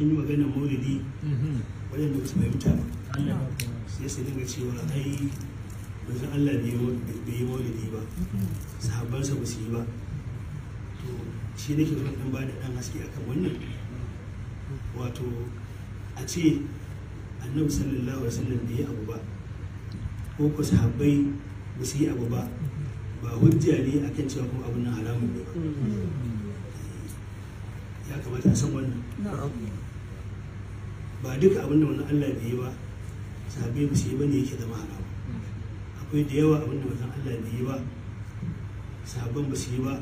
in yi maganar maulidi mhm. waɗanda ba su fahimta sai su dinga cewa ai manzon Allah bai yi maulidi ba sahabbansa ba su yi ba to shi nake so dan ba da dan haske akan wannan wato a ce annabi sallallahu alaihi wasallam bai yi abu ba ko ko sahabbai ba su yi abu ba ba hujja ne akan cewa kuma abun nan haramun ne ba mm-hmm. ya kamata a san wannan ba duka abin da wannan Allah bai yi ba sahabbai ba su bane yake zama haram akwai da yawa abin da wannan Allah bai yi ba sahabban ba su yi ba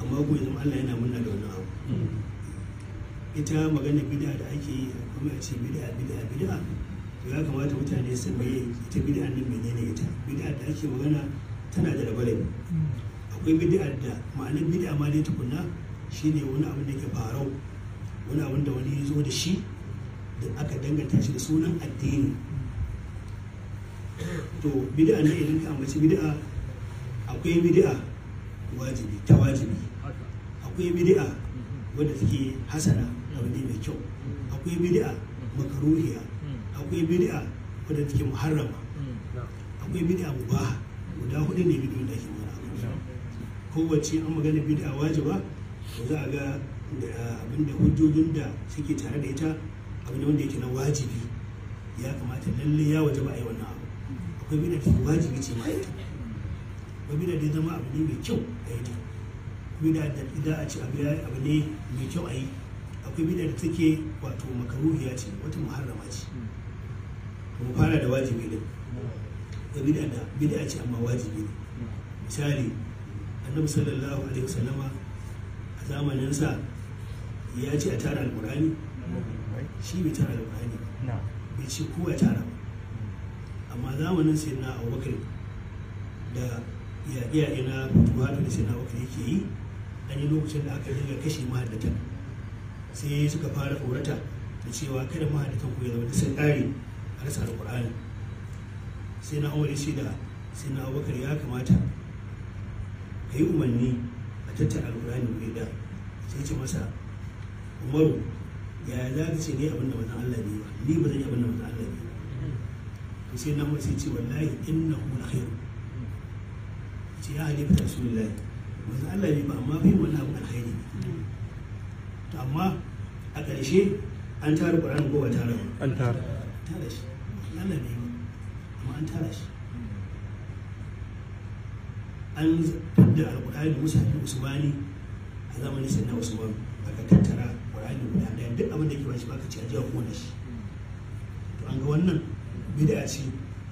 amma ko idan Allah yana murna da wannan abu ita magana bid'a da ake yi kuma a ce bid'a bid'a bid'a to ya kamata mutane su baye ita bid'a nan menene ita bid'a da ake magana tana da rabe mm. akwai bid'a da ma'anar bid'a ma dai tukunna ne wani abin da ke farau wani abin da wani ya zo da shi da aka danganta shi da sunan addini to bid'a ne idan ka ambaci bid'a akwai bid'a wajibi ta wajibi akwai bid'a wadda take hasana abu ne mai kyau akwai bid'a makaruhiya akwai bid'a wadda take muharrama akwai bid'a mubaha guda hudu ne bid'a da ke mana kowace an magana bid'a wajiba za a ga eh, abinda hujjojin da suke tare da ita abinda wanda yake na wajibi ya kamata lalle ya waje ba a yi wannan abu akwai bida ta wajibi ce ma ita akwai bida da zama abu ne mai kyau a yi ta bida da idan a ce abu ne mai kyau a yi akwai bida da take wato makaruhiya ce wata muharrama ce mu fara da wajibi ne. da bida da bida ce amma wajibi ne misali annabi sallallahu alaihi wasallama Zamanin zamaninsa ya ce a tara alburani shi bai tara alburani bai ce ko ya tara amma zamanin sai na abubakar da yaƙe-yaƙe na buhari da sai na abubakar yake yi an yi lokacin da aka riga kashe mahaddatan sai suka fara tsorata da cewa kada mahaddatan ku ya zama da sun ƙare a rasa alkurani sai na aure da sai na abubakar ya kamata ka yi umarni a tattara alƙur'ani mai da sai ce masa umaru ya za ka ce ne abin da manzon Allah ne ba ni ba zan yi abin da manzon Allah ne ba sai na mace ce wallahi innahu alkhair ce ya halifa rasulullahi manzon Allah ne ba amma bai wannan abu alkhairi to amma a ƙarshe an tara ƙur'ani ko ba tara ba an tara tara shi Allah ne ba amma an tara shi an da alƙur'ani musafi usmani a zamanin sannan usman aka tattara ƙur'ani guda ɗaya duk abin da ke ba shi ba ka ci ajiya ko da shi to an ga wannan bid'a ce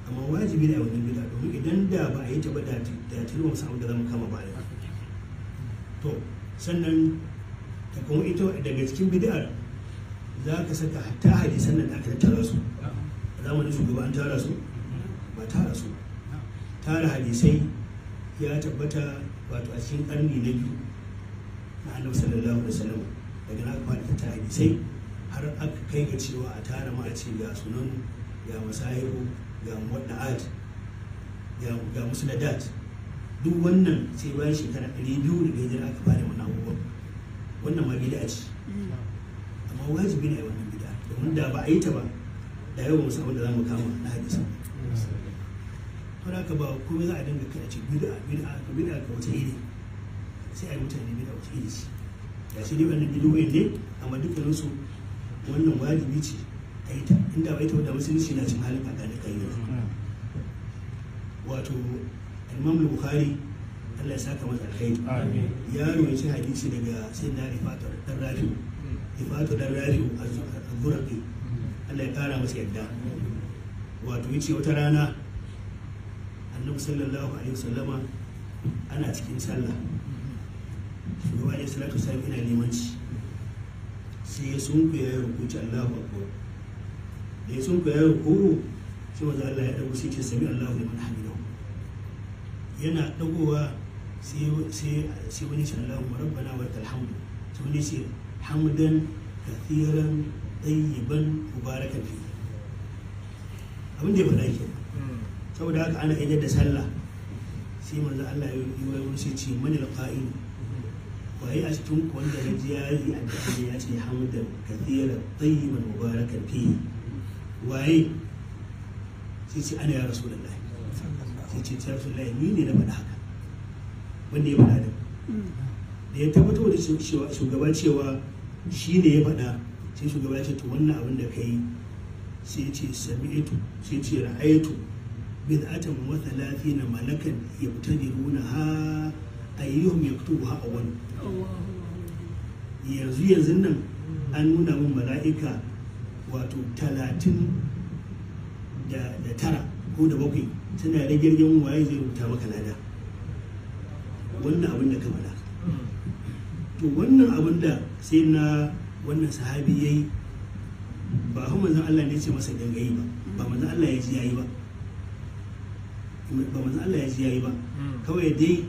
amma wajibi ne a wannan bid'a domin idan da ba a yi ta ba da da tilo musu abin da za mu kama ba da to sannan ta kuma ita daga cikin bid'ar za ka saka hatta hadisan nan da aka tattara su a zamanin shugaba an tara su ba tara su tara hadisai ya tabbata wato a cikin ƙarni na biyu na annabi sallallahu alaihi wasallam daga na fara ta hadisai har aka kai ga cewa a tara ma a ce ga sunan ga masahiru ga muwadda'at ga musnadat duk wannan sai bayan shekara ɗari biyu da hijira aka fara wannan abubuwan wannan ma bid'a ce amma wajibi ne wannan bid'a domin da ba a yi ta ba da yau musamman da za mu kama na hadisan ko haka ba komai za a dinga kai a ce bid'a bid'a ka bid'a ka wata iri sai a yi mutane bid'a wata iri ce ya sai dai wannan bidiyoyi ne amma dukkanin su wannan wajibi ce a yi ta inda ba ita wadda musulunci na cin halin kaka da kai wato imam bukhari Allah ya saka masa alkhairi ya rawaci hadisi daga sai na rifatu dan rafi'u rifatu dan rafi'u az-zurqi Allah ya kara masa yadda wato ya ce wata rana annabi sallallahu alaihi wasallama ana cikin sallah shugaba alaihi salatu wasallam yana limanci sai ya sunku ya yi rukuci allahu akbar da ya sunku ya yi sai wanda allah ya dago sai ce sami allahu liman hamidahu yana dagowa sai wani ce allahu rabbana wa talhamdu sai wani ce hamdan kathiran tayyiban mubarakan fi abin da ya faɗa kenan saboda haka ana idar da sallah sai manzo Allah ya yi wani sai ce mani alqa'im waye a cikin ku wanda ya ji ya yi addu'a ya ce hamdan kathiran tayyiban mubarakan fi waye sai ce ana ya rasulullahi sai ce ta rasulullahi ni ne na faɗa haka wanda ya faɗa da da ya tabbatar da shugaba cewa shi ne ya faɗa sai shugaba ya ce to wannan abin da ka yi sai ce sami'tu sai ce ra'aytu bid'atan wa thalathina malakan yabtadiruna ha ayyuhum ha awwal yanzu yanzu nan an nuna min mala'ika wato talatin da tara ko da bakwai suna da girgin waye zai rubuta maka lada wannan abin da ka faɗa to wannan abin da sai na wannan sahabi ya yi ba hu manzan Allah ne ce masa gangayi ba ba manzan Allah ya ji ya yi ba ba manzo Allah ya ji yayi ba hmm. kawai dai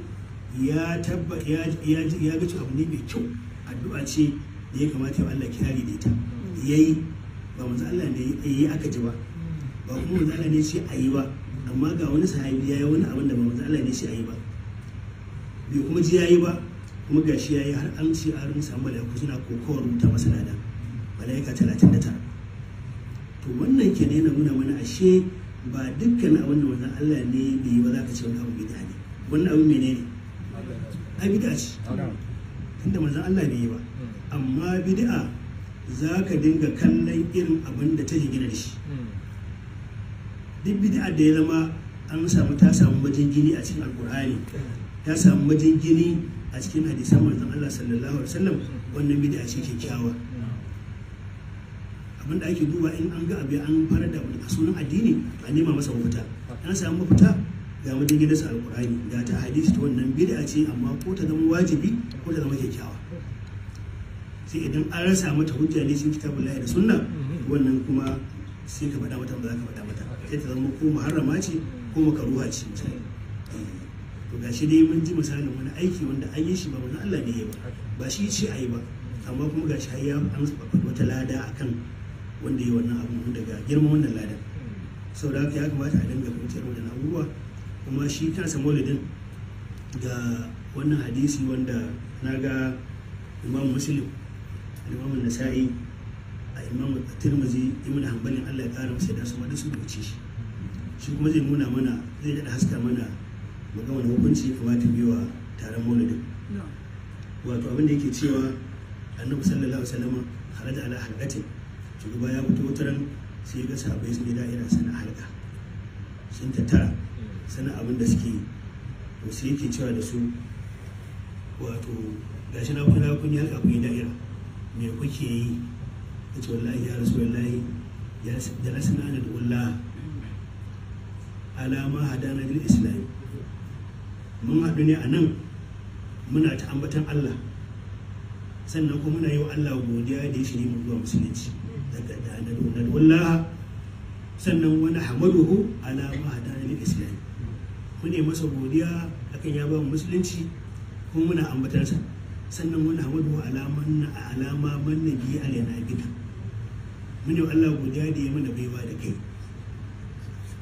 ya tabba ya ya ga abu ne mai kyau addu'a ce da ya kamata Allah kirari da ita hmm. yayi ba manzo Allah ne yayi aka ji ba hmm. ba kuma manzo Allah ne shi ayi ba amma ga wani sahabi yayi wani abin da ba manzo Allah ne shi ayi ba bai kuma ji yayi ba kuma ga shi yayi har an ce an samu ku suna kokowar mutu masana da malaika 39 to wannan ke ne na nuna mana ashe ba dukkan abin da wannan Allah ne bai yi ba za ka ce wani abu bid'a ne wannan abu menene ai bid'a ce tunda manzon Allah bai yi ba amma bid'a za ka dinga kallon irin abin da ta gina da shi duk bid'a da ya zama an samu ta samu majin gini a cikin alkur'ani ta samu majin gini a cikin hadisan manzon Allah sallallahu alaihi wasallam wannan bid'a ce kyakkyawa abin da ake duba in an ga abu an fara da a sunan addini a nema masa mafita an samu mafita ga wajen su alkurani da ta hadisi ta wannan bid'a ce amma ko ta zama wajibi ko ta zama kyakkyawa sai idan an rasa mata hujja ne cikin kitabul lahi da sunna mhm. wannan kuma sai ka faɗa mata ba za ka faɗa mata sai ta zama ko muharrama ce ko makaruha ce mhm. to gashi dai mun ji misalin wani aiki wanda an yi shi ba wani Allah ne ya ba ba shi ce a yi ba amma kuma gashi har ya an wata lada akan wanda ya wannan abu daga girman wannan ladan sau da haka ya kamata a dinga fahimtar wannan abubuwa kuma shi kansa maulidin ga wannan hadisi wanda na ga imam muslim imam nasa'i a imam tirmizi ibn hanbalin allah ya kara masa da su wanda su wuce shi shi kuma zai nuna mana zai daɗa haska mana mu wani hukunci ya kamata biyo wa taron maulidin wato abin da yake cewa annabi sallallahu alaihi wasallam kharaja ala halqatin shugaba ya fito wataran sai ga sabai sun da yana sana harka. sun tattara sana abin da suke to sai yake cewa da su wato gashi na kwana kun yi halka kun yi da'ira me kuke yi ta ce wallahi ya rasu wallahi da rasu na da wallah alama hadana bil islam mun haɗu ne a nan muna ta ambatan Allah sannan kuma muna yi wa Allah godiya da ya shirye mu zuwa musulunci daga dalilun wallaha sannan wani hamaduhu ala ma hadalil islam mune masa godiya akan ya ba mu musulunci kuma muna ambatansa sannan wani hamadu alaman na biyu a biyi alaina gida mune Allah godiya da ya mana baiwa da kai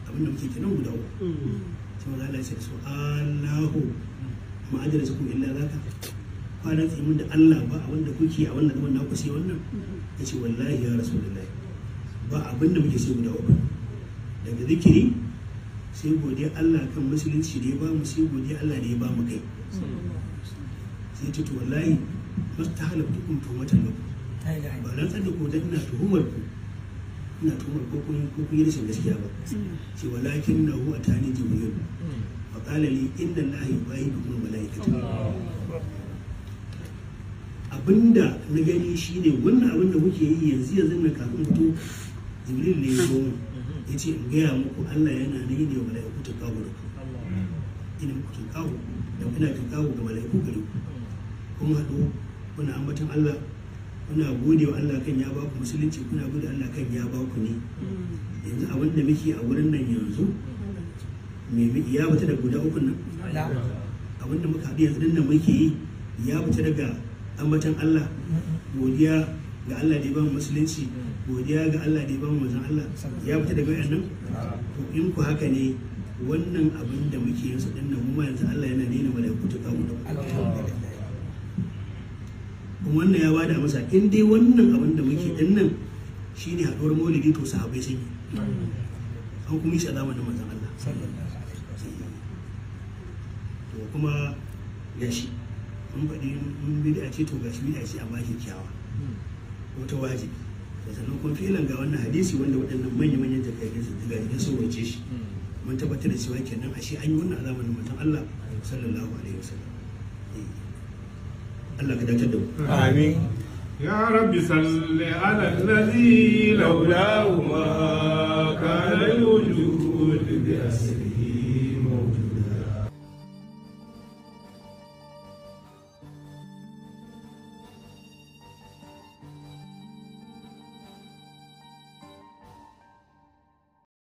abin da muke kenan guda uku mm. sai Allah ya ce su Allahu ma'ajira su illa zaka fara tsimin da Allah ba abin da kuke a wannan zaman naku sai wannan mm-hmm. ya ce wallahi ya rasulullahi ba abin da muke sai guda uku daga zikiri sai godiya Allah kan musulunci da ya ba mu sai godiya Allah da ya ba mu kai mm-hmm. sai ta to wallahi mastahalabtukum tumatan lakum ba nan tsada ko dan ina tuhumar ku ina tuhumar ko kun ko kun yi rashin gaskiya ba ce mm-hmm. walakin na huwa tani jibril mm. fa qala li inna allaha yubayyikum malaikatahu abinda na gani shi ne, wannan abin da yi yanzu yanzu na kafin to jibril ne ya zo ya ce in gaya muku allah yana na yin wa mala'iku ta kawo da ku ina muku ta kawo da ina ta kawo ga mala'iku gari kuma haɗu kuna ambatan allah kuna gode wa allah kan ya ba ku musulunci kuna gode allah kan ya ba ku ne yanzu abin da muke a wurin nan yanzu ya fita da guda uku nan abin da muka haɗu yanzu nan muke yi ya fita daga ambatan Allah godiya ga Allah da ya ba mu musulunci godiya ga Allah da ya ba mu manzon Allah ya fita daga nan, to in ku haka ne wannan abin da muke yin sa dinnan mu yanzu Allah yana nuna malaiku ta kawo kuma wannan ya bada masa in dai wannan abin da muke dinnan shine haduwar maulidi to sahabbai sun yi an kuma yi shi a zamanin manzon Allah to kuma ya shi. in faɗi in bid'a ce to gashi bid'a ce kyawa ko hmm. ta wajibi da sannan kuma filan ga wannan hadisi wanda waɗannan manya-manyan jakaidai su daga gidan sun wace shi hmm. mun tabbatar da cewa kenan ashe an yi wannan azaman da mutum Allah sallallahu alaihi wasallam eh. Allah ka dakatar da mu amin يا رب صل على الذي لولاه ما كان الوجود بأسره